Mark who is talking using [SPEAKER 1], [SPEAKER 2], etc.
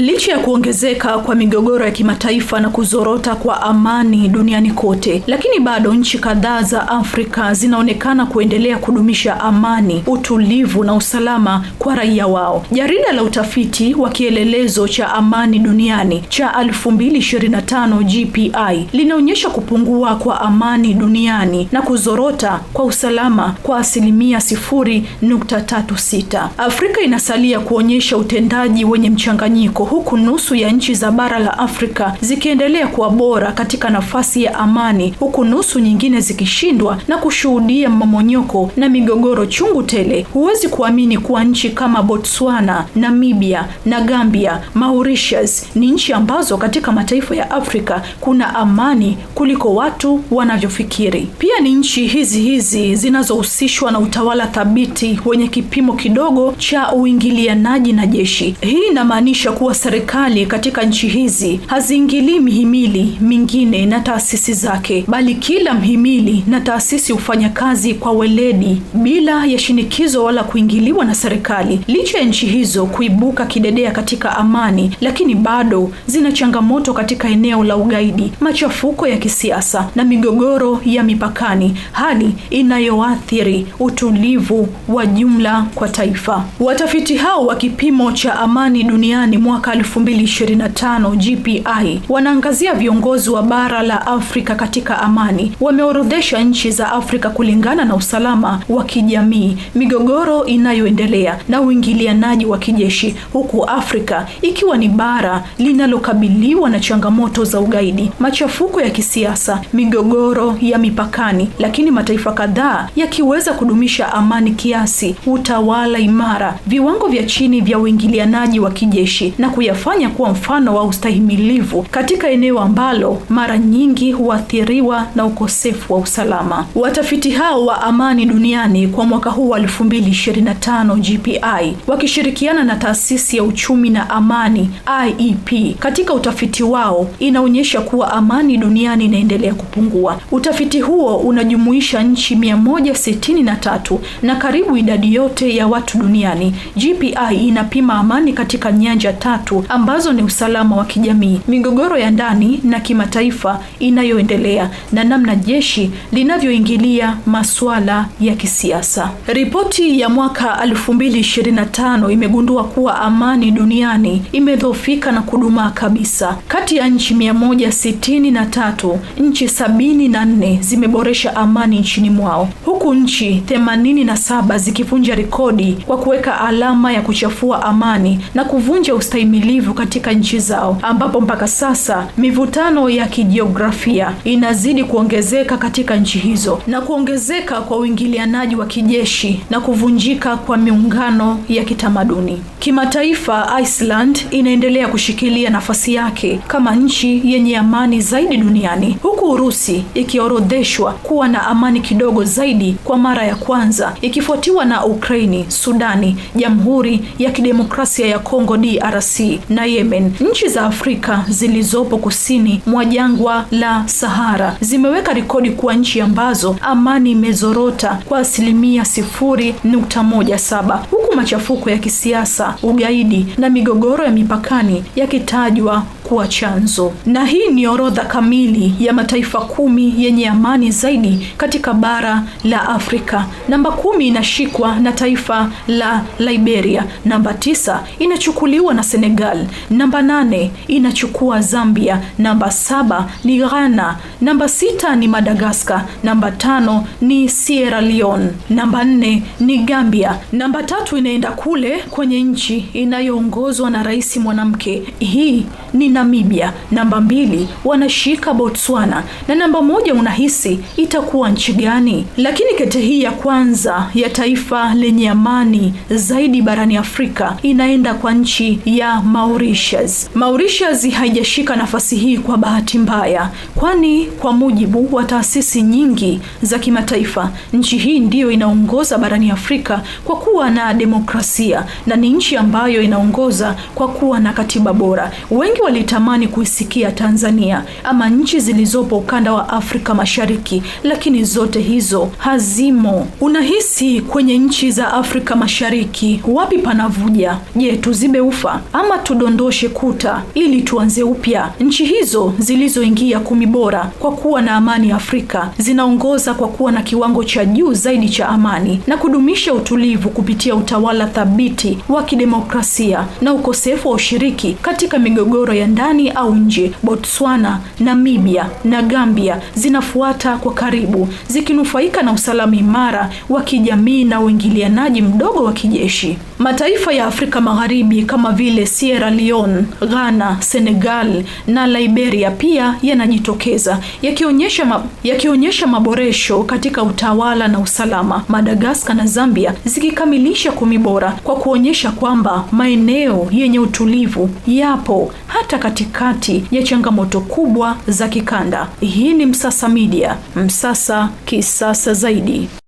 [SPEAKER 1] Licha ya kuongezeka kwa migogoro ya kimataifa na kuzorota kwa amani duniani kote, lakini bado nchi kadhaa za Afrika zinaonekana kuendelea kudumisha amani, utulivu na usalama kwa raia wao. Jarida la utafiti wa kielelezo cha amani duniani cha 2025 GPI linaonyesha kupungua kwa amani duniani na kuzorota kwa usalama kwa asilimia 0.36. Afrika inasalia kuonyesha utendaji wenye mchanganyiko huku nusu ya nchi za bara la Afrika zikiendelea kuwa bora katika nafasi ya amani, huku nusu nyingine zikishindwa na kushuhudia mamonyoko na migogoro chungu tele. Huwezi kuamini kuwa nchi kama Botswana, Namibia na Gambia, Mauritius ni nchi ambazo katika mataifa ya Afrika kuna amani kuliko watu wanavyofikiri. Pia ni nchi hizi hizi zinazohusishwa na utawala thabiti wenye kipimo kidogo cha uingilianaji na jeshi. Hii inamaanisha kuwa serikali katika nchi hizi haziingilii mihimili mingine na taasisi zake, bali kila mhimili na taasisi hufanya kazi kwa weledi bila ya shinikizo wala kuingiliwa na serikali. Licha ya nchi hizo kuibuka kidedea katika amani, lakini bado zina changamoto katika eneo la ugaidi, machafuko ya kisiasa na migogoro ya mipakani, hali inayoathiri utulivu wa jumla kwa taifa. Watafiti hao wa kipimo cha amani duniani mwaka mwaka 2025 GPI wanaangazia viongozi wa bara la Afrika katika amani. Wameorodhesha nchi za Afrika kulingana na usalama wa kijamii, migogoro inayoendelea na uingilianaji wa kijeshi, huku Afrika ikiwa ni bara linalokabiliwa na changamoto za ugaidi, machafuko ya kisiasa, migogoro ya mipakani, lakini mataifa kadhaa yakiweza kudumisha amani kiasi, utawala imara, viwango vya chini vya uingilianaji wa kijeshi na kuyafanya kuwa mfano wa ustahimilivu katika eneo ambalo mara nyingi huathiriwa na ukosefu wa usalama. Watafiti hao wa amani duniani kwa mwaka huu wa 2025 GPI wakishirikiana na taasisi ya uchumi na amani IEP, katika utafiti wao inaonyesha kuwa amani duniani inaendelea kupungua. Utafiti huo unajumuisha nchi 163 na karibu idadi yote ya watu duniani. GPI inapima amani katika nyanja tatu tatu ambazo ni usalama wa kijamii, migogoro ya ndani na kimataifa inayoendelea na namna jeshi linavyoingilia masuala ya kisiasa. Ripoti ya mwaka 2025 imegundua kuwa amani duniani imedhoofika na kudumaa kabisa. Kati ya nchi 163, nchi 74 zimeboresha amani nchini mwao, huku nchi 87 zikivunja rekodi kwa kuweka alama ya kuchafua amani na kuvunja ustahimilivu himilivu katika nchi zao, ambapo mpaka sasa mivutano ya kijiografia inazidi kuongezeka katika nchi hizo na kuongezeka kwa uingilianaji wa kijeshi na kuvunjika kwa miungano ya kitamaduni. Kimataifa, Iceland inaendelea kushikilia nafasi yake kama nchi yenye amani zaidi duniani, huku Urusi ikiorodheshwa kuwa na amani kidogo zaidi kwa mara ya kwanza ikifuatiwa na Ukraini, Sudani, Jamhuri ya Kidemokrasia ya Kongo DRC na Yemen. Nchi za Afrika zilizopo kusini mwa jangwa la Sahara zimeweka rekodi kuwa nchi ambazo amani imezorota kwa asilimia sifuri nukta moja saba huku machafuko ya kisiasa, ugaidi na migogoro ya mipakani yakitajwa kuwa chanzo. Na hii ni orodha kamili ya mataifa kumi yenye amani zaidi katika bara la Afrika. Namba kumi inashikwa na taifa la Liberia, namba tisa inachukuliwa na Senegal, namba nane inachukua Zambia, namba saba ni Ghana, namba sita ni Madagaskar, namba tano ni Sierra Leone, namba nne ni Gambia, namba tatu inaenda kule kwenye nchi inayoongozwa na rais mwanamke. Hii ni Namibia, namba mbili wanashika Botswana na namba moja unahisi itakuwa nchi gani? Lakini kete hii ya kwanza ya taifa lenye amani zaidi barani Afrika inaenda kwa nchi ya Mauritius. Mauritius haijashika nafasi hii kwa bahati mbaya, kwani kwa mujibu wa taasisi nyingi za kimataifa, nchi hii ndiyo inaongoza barani Afrika kwa kuwa na demokrasia na ni nchi ambayo inaongoza kwa kuwa na katiba bora. Wengi wali nilitamani kuisikia Tanzania ama nchi zilizopo ukanda wa Afrika Mashariki, lakini zote hizo hazimo. Unahisi kwenye nchi za Afrika Mashariki wapi panavuja? Je, tuzibe ufa ama tudondoshe kuta ili tuanze upya? Nchi hizo zilizoingia kumi bora kwa kuwa na amani Afrika zinaongoza kwa kuwa na kiwango cha juu zaidi cha amani na kudumisha utulivu kupitia utawala thabiti wa kidemokrasia na ukosefu wa ushiriki katika migogoro ya ndani ndani au nje. Botswana, Namibia na Gambia zinafuata kwa karibu, zikinufaika na usalama imara wa kijamii na uingilianaji mdogo wa kijeshi. Mataifa ya Afrika Magharibi kama vile Sierra Leone, Ghana, Senegal na Liberia pia yanajitokeza yakionyesha ma, yakionyesha maboresho katika utawala na usalama. Madagaskar na Zambia zikikamilisha kumi bora kwa kuonyesha kwamba maeneo yenye utulivu yapo hata katikati ya changamoto kubwa za kikanda. Hii ni Msasa Media, Msasa kisasa zaidi.